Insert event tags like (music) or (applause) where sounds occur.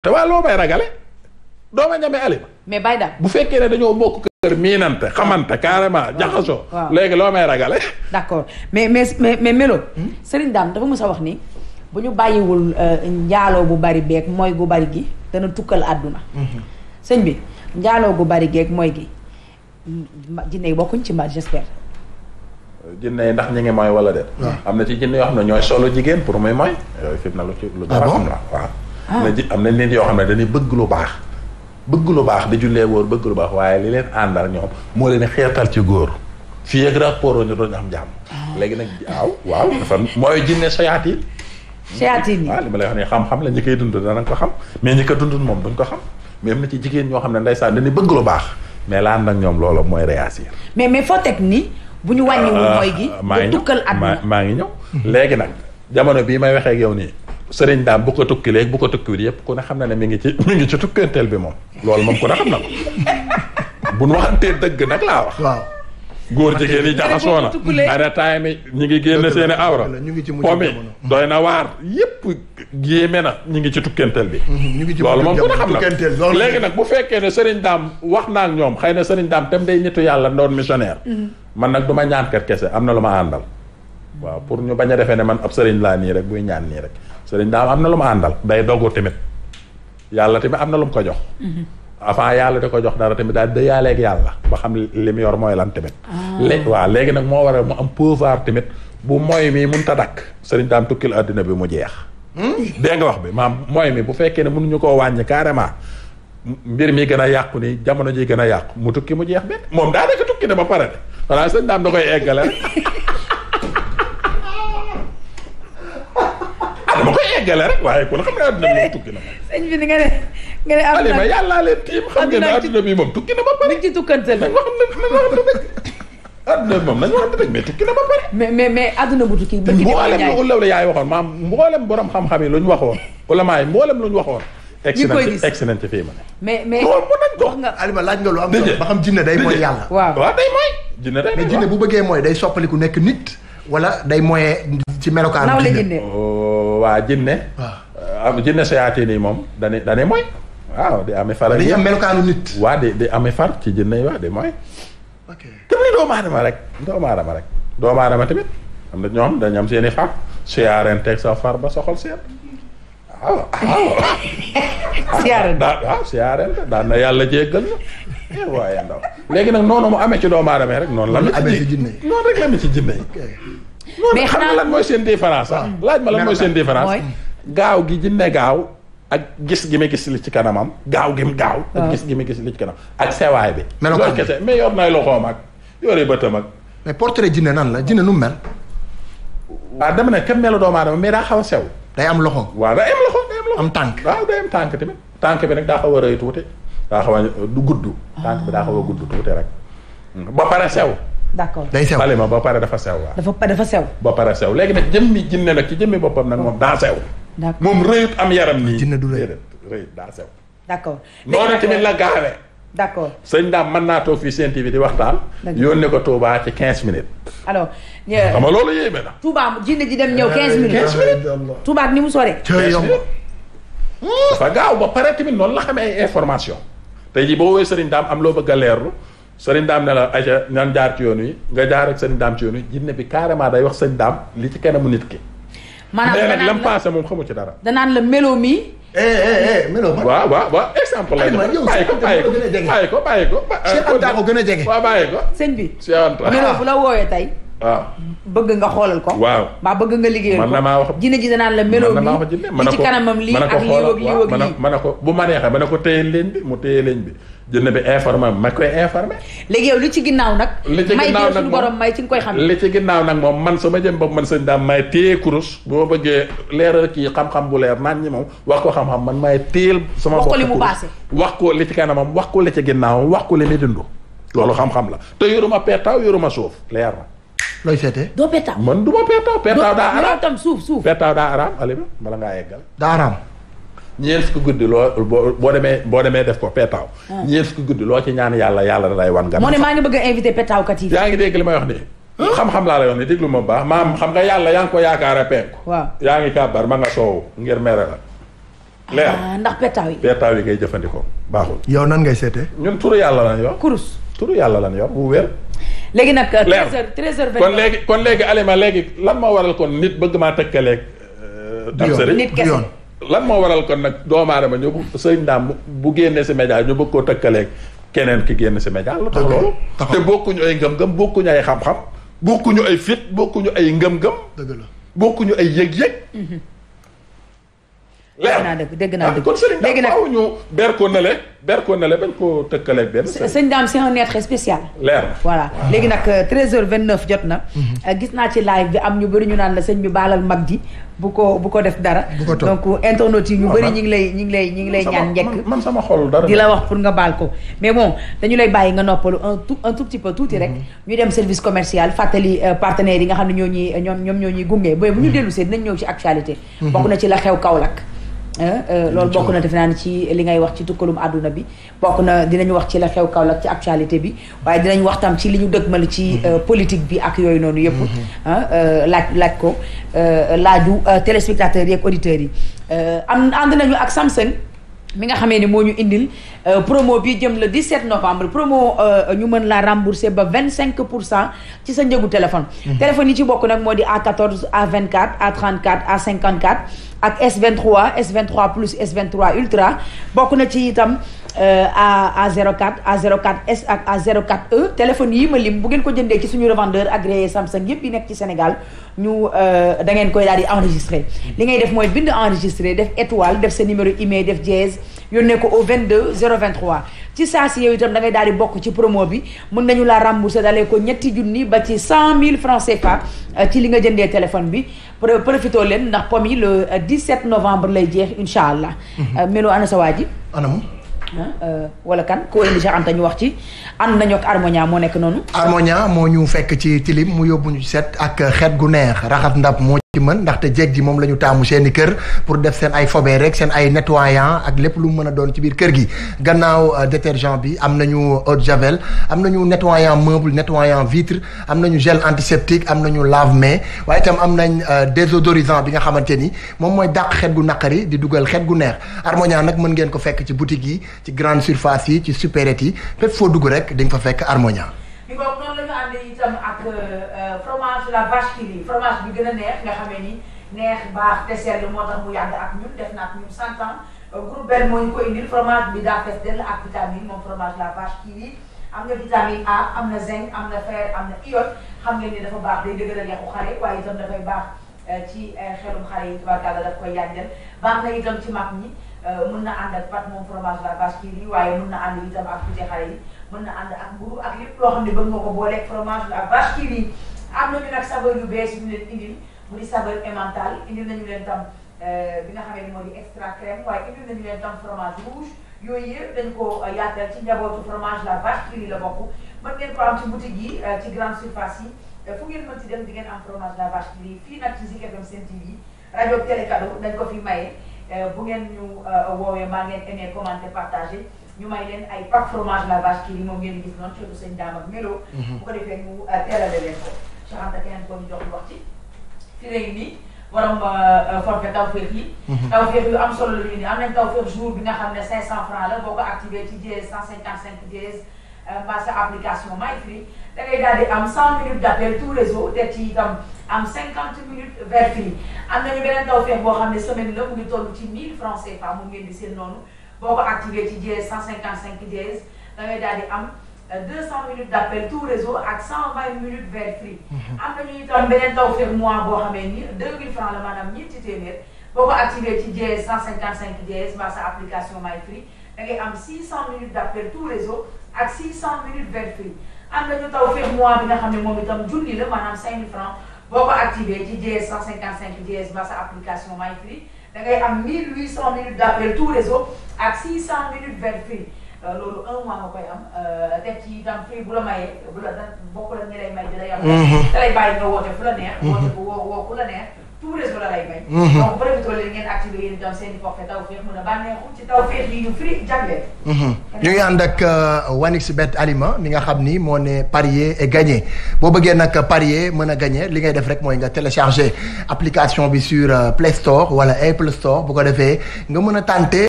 te waa loo may ragale doo ma ñame alima mais bay daal bu fekkee ne dañoo bokk kër miinante xamante carrément jaxasoo léegi loo may ragale d' accord mais mais mais mais Melo sëriñ Dame dafa mës a wax ni bu ñu bàyyiwul euh, njaaloo bu bari beeg mooy bu bari gi dana tukkal àdduna mhm. sëñ bi njaaloo bu bari geeg mooy gi jinne yi bokkuñ ci mba j' jinne yi ndax ñu ngi mooy wala de am na ci jinne yoo xam ne ñooy solo jigéen pour muy mooy yooyu fi mu lu ci lu dara ah am la am na ji ah. am nañ leen yoo xam ne dañuy bëgg lu baax bëgg lu baax di jullee wóor bëgg lu baax waaye li leen àndal ñoom moo leen xeetal ci góor fii ak rapport ñu doon am jàmm ah. léegi nag waaw waaw dafa mooy jinne soyaati soyaati yi ah, li ma lay wax ne xam-xam la ñi koy dund danañ ko xam mais ñi ko moom duñ ko xam mais am na ci jigéen ñoo xam ne saa dañuy bëgg lu baax mais la ànd ak ñoom loolu mooy réagir mais mais foo teg ni bu ñu wàññiwul mooy gi maa ngi tukkal at maa ngi ñëw hmm. léegi nag jamono bii may waxee yow nii sëriñ daam bu ko tukki léegi bu ko tukkiwul yëpp ku ne xam na ne mi ngi ci mu ngi ci tukkanteel bi moom loolu moom ku ne xam na ko (laughs) bu nu dëgg nag laa wax. waaw góor jigéen yi jaxasoo na. ana taay mi ngi génn seen awra. pomi doy na waar yëpp yéeme na ñu ngi ci tukkanteel bi. Mhm, ñu ngi ci loolu moom ku ne xam na léegi nag bu fekkee ne sëriñ daam wax naa ak ñoom xëy na sëriñ daam tam day ñettu yàlla ndoon missionnaire. Mhm. man nag du ma ñaan kat kese am na lu ma àndal. waaw pour ñu bañ a defee ne man ab sëriñ laa nii rek buy ñaan nii rek sëriñ daam am na lu mu àndal day dogu tamit yàlla tamit am na lu mu ko jox mm-hmm. avant yàlla di ko jox dara tamit daal dëyaaleeg yàlla ba xam li mu yor mooy lan tamit ah. léegi waa léegi nag moo waral mu am pouvoir tamit bu mooy mi mun ta dakk sëriñ daam tukkil àddina bi mu jeex hmm? dégg nga wax bi maam mooy mi bu fekkee ne mënuñu koo wàññi carrément mbir mi gën a yàqu ni jamono ji gën a yàqu mu tukki mu jeex benn moom daanaka tukki na ba pare la xanaa sëñ daam da dama koy eggale rek waaye kon xam nga adduna bi moom tukki na ma. sëñ bi ni nga na yàllaa leen tiim xam ne adduna bi moom moom nañ wax dëgg yaay waxoon maam borom xam-xam yi luñ waxoon. ulamaay mboolem luñ waxoon. ñu koy gis excellent fii ma ne. laaj nga lu am. ba xam jinne day mooy yàlla. waaw day mooy. jinne day mooy mais jinne bu bëggee mooy day soppaliku nekk nit wala day moyee ci melokaanu jinne oh, waa jinne waaw ah. ah, jinne sayaatiin yi moom dane dane mooy waaw di amee far dañuy am melokaanu nit waa di di amee far ci jinne yi waa di mooy comme ni doomu doomu aadama rek doomu aadama tamit am na ñoom dañu seeni far siyaareen teg sa far ba soxol seet waaw waaw (laughs) siyaareen ah, daan na yàlla jéggal na Eh, waaye ndaw léegi nag noonu mu amee ci doomu aadama rek noonu la. amee ci jinne yi noonu rek ci jinne yi. mais lan mooy seen différence ah? Ah. laaj ma lan mooy seen différence. gaaw gi jinne gaaw. ak gis gi ma gis li ci kanamam. gaaw gi mu gaaw. ak ah. gis gi ma gis li ci kanam ak sewaay bi. melokaan bi kese mais yor nay loxoom ak yore bëtam ak. mais portrait jinne nan la jinne nu mu mel. ah dama ne kenn melu doomu aadama mais daa xaw a sew. day am loxo. waaw day am loxo day am loxo. am tànk waaw day am tànk tamit. tànk bi nag daa daa xaw a du gudd. Ah. tànk bi daa xaw a gudd tuuti rek. ba pare sew. d'accord day sew xalima ba pare dafa sew waaw. dafa dafa sew. ba pare sew léegi nag jëmmi jinne nag ci jëmmi boppam nag moom daa sew. d'accord moom rëyut am yaram nii. jinne du rëy rëyut daa sew. d'accord noonu tamit la gaawee. d'accord sëñ daam mën naa toog fii Sen TV di waxtaan. yónnee ko Touba ci 15 minutes. alors. xam nga loolu yéeme na. Touba jinne ji dem ñëw 15 minutes. 15 minutes Touba ni mu sore. dafa gaaw ba pare tamit noonu la xam ay information tey jii boo woowee sëriñ daam am loo bëgg a leerlu sëriñ daam ne la aja ñan jaar ci yoon yi nga jaar ak sëriñ ci yoon wi jinne bi carrément day wax sëriñ daam li ci mu nit ki. maanaam nag lam passé moom xamu ci dara. danaan la melo mi. Eh, eh, eh, melo man waaw waaw waaw exemple la bàyyi ko bàyyi ko bàyyi ko bàyyi ko. Cheikh ko gën a jege. waaw bàyyi ko sëñ bi. Cheikh Anta melo bu la wooyee tey. waaw bëgg nga xoolal ko waaw mbaa bëgg nga liggéeyal ko man na maa wax jinne ji danaan la meloo bi li ci kanamam lii ak lii ak lii ak lii mën na ko bu ma neexee mën na ko téye leen mu téye leen bi jinne bi informé ma koy informé léegi yow li ci ginnaaw nag li ci ginnaaw nag borom may ci nga koy xam li ginnaaw nag moom man sama jëm bopp man sa daam may téye kurus bu ma bëggee leeral kii xam-xam bu leer naan ñi moom wax ko xam-xam man may téyel sama koo wax li mu passé wax ko li ci kanamam wax ko li ci ginnaaw wax ko li muy dund loolu xam-xam la te yoruma peetaaw yoruma suuf leer na looy seetee doo peetaaw man du ma peetaaw. peetaaw daa araam tam suuf suuf. peetaaw daa araam bala ngaa yeggal. daa araam. ñeent fukki guddi loo boo boo demee boo demee def ko peetaaw. Ah. ñeent fukki guddi loo ci ñaan yàlla yàlla da lay wan. nga moo ne maa ngi bëgg a invité peetaawkat yi. yaa ngi dégg li may wax nii. xam-xam laa lay wax nii déglu ma baax maam xam nga yàlla yaa ngi ko yaakaara penku. waaw yaa ngi kàbbar ma nga soow ngir mere la. leer ah, ndax peetaaw yi. peetaaw yi ngay jëfandikoo baaxul. yow nan ngay seetee. ñun turu yàlla lan yor. kurus turu yàlla lan yor léegi nag. treize heures treize heures kon léegi kon léegi Alima léegi lan moo waral kon nit bëgg maa tëkkaleeg. Euh, du nit kese lan moo waral kon nag doomu aadama ñu sëñ daam bu génnee si média ñu bëgg koo keneen ki génn si média la tax loolu te bokkuñu ay ngëm-ngëm bokkuñu ay xam-xam bokkuñu ay fit bokkuñu ay ngëm-ngëm dëgg bokkuñu ay yëg-yëg mhm. leer dégg naa dëgg dégg naa ah, dëgg kon sëriñ daam ñu ber ko nale ber ko ne la bañ koo tëkkaleeg benn. sëñ daam c'est un être spécial. leer voilà léegi nag 13h29 euh, jot na. Mhm. Euh, gis naa ci live bi am ñu bëri ñu naan la sëñ bi baalal mag ji bu ko bu ko def dara. donc euh, internautes yi ñu bari ñu ngi lay ñu ngi lay ñu ngi lay ñaan njëkk. man sama xol dara di la wax pour nga baal ko. mais bon dañu lay bàyyi nga noppalu un tout un tout petit peu tuuti rek. Mhm. ñu dem service commercial fàttali partenaires yi nga xam ne ñoo ñuy ñoom ñoom ñoo ñuy gunge bu ñu mhm. dellu see dinañ ñëw ci na ci la xew Kaolack Euh, loolu bokk na defe naa ni ci li ngay wax ci tukkalum àdduna bi bokk na dinañu wax ci la xew Kaolack ci actualité bi waaye dinañ wax tam ci li ñu dëgmal ci mhm. euh, politique bi ak yooyu noonu yëpp mhm. euh, laaj laaj ko laaju téléspectateurs yi ak auditeurs yi am ànd nañu ak Samsung mi nga xamee ne moo ñu indil euh, promo bi jëm le 17 novembre promo euh, ñu mën la rembourser ba cinq pour cent ci sa njëgu téléphone. Mhm. téléphone yi ci bokk nag moo di A14 A24 A34 A54 ak S23 S23 plus S23 ultra bokk na ci itam. Euh, à à 04 à 04S ak à 04E e. téléphone yii ma lim bu ngeen ko jëndee ci suñu revendeur agréé Samsung yëpp yi nekk ci Sénégal ñu euh, da ngeen koy daal di enregistré li ngay def mooy bind enregistré def étoile def sa numéro email def dièse yónnee ko au 22 023 ci saa si yow itam da ngay daal di bokk ci promo bi mën nañu laa remboursé dalee ko ñetti junni ba ci cent mille francs CFA euh, ci li nga jëndee téléphone bi profitoo leen ndax pom yi le 17 novembre lay jeex incha allah. Mm-hmm. Melo ana waa ji. anam. Euh, wala kan ko indi Cheikh ñu wax ci ànd nañu ak Harmonia moo nekk noonu Harmonia moo ñu fekk ci tilim mu yóbbu ñu set ak xet gu neex raxas ndab moo ci mën ndaxte jeeg ji moom la ñu taamu seen i kër pour def seen ay fobee rek seen ay nettoyant ak lépp lu mu mën a doon ci biir kër gi gannaaw euh, détergent bi am nañu eau de javel am nañu nettoyant meuble nettoyant vitre am nañu gel antiseptique am nañu lave-mains waaye itam am nañ euh, désodorisant bi nga xamante ni moom mooy dàq xet gu naqari di dugal xet gu neex Harmonia nag mën ngeen ko fekk ci boutique yi ci grande surface yi ci supérette yi fépp foo dugg rek di nga fekk Harmonia ànd itam ak euh, fromage la vache fromage bi gën a neex nga xamee ni neex baax te sell moo tax mu yàgg ak ñun def na ak ñun cent ans euh, groupe benn moo ko indil fromage bi daa fees dell ak vitamine moom fromage la vache qui rit am na vitamine A am na zinc am na fer am na iode xam ngeen ni dafa baax day dëgëral yàqu xale waaye itam dafay baax euh, ci xelum xale yi tubaarkàlla daf koy yàggal baax na itam ci mag ñi mun na ànd ak pat moom fromage la vache qui waaye mun na ànd itam yi mën na ànd ak mburu ak lépp loo xam ne bëgg nga ko boole fromage bi ak vache qui rit am nañu nag saveur yu yu ñu leen indil mu di saveur emmental indil nañu leen tam euh, bi nga xamee ni moo di extra crème waaye indil nañu leen tam fromage rouge yooyu yëpp dañ ko euh, yaatal ci njabootu fromage la vache qui rit la bokk mën ngeen ko am ci boutique yi euh, ci grande mën ci dem di ngeen am fromage la vache qui rit fii nag ci Zik FM Sen TV rajo Télé Cadeau dañ fi maye bu ngeen ñu woowee maa ngeen aimé ñu may leen ay pack fromage la vache kii li moom ngeen gis noonu ceebu sëñ daam ak melo. Mhm. bu ko defee ñu euh, teelale leen ko. Cheikh Anta keneen ko ñu jox wax ci. fi léegi nii borom euh, euh, forfait yi. Mhm. tawféex am solo la ñu ne am nañ tawféex jour bi nga xam ne 500 francs la boo ko activé ci dièse cinq dièse mbaa sa application MyFree da ngay daal di am 100 minutes d' appel tout réseau te ci itam am 50 minutes vers fii am nañu beneen tawféex boo xam ne semaine la mu ngi toll ci 1000 francs CFA mu ngeen di seen noonu. boo ko activé ci dièse 155 dièse da ngay daal di am euh, réseau ak 120 mhm. na ñuy doon mois boo xamee ni 2000 francs la maanaam ñetti téeméer boo ko activé ci dièse 155 dièse application my free da ngay am 600 minutes d' appel tout réseau ak na ñu taw xam ne moom itam junni la maanaam 5000 francs boo ko activé ci dièse 155 dièse mbaa sa application my free. da ngay am 1800 minutes d' appel tout réseau ak 600 minutes vingt free loolu un mois nga koy am teg euh, ci tam free bu la mayee bu la bokk la ñi lay may di lay am. da lay bàyyi nga woote fu la neex. Mm-hmm. woote bu la neex. tuures la lay may. donc profité leen ngeen activé yéen itam seen i mm-hmm. uh, nga xam ni moo ne parier et gagner boo bëggee nag parier mën a gagner li ngay def rek mooy nga télécharger application bi sur uh, Play Store wala Apple Store bu ko defee nga mën a tenter.